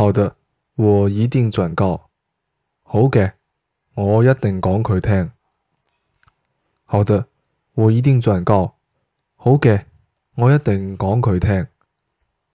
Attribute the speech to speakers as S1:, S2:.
S1: 好的，我一定轉告。好嘅，我一定講佢聽。好的，我一定轉告。好嘅，我一定講佢聽。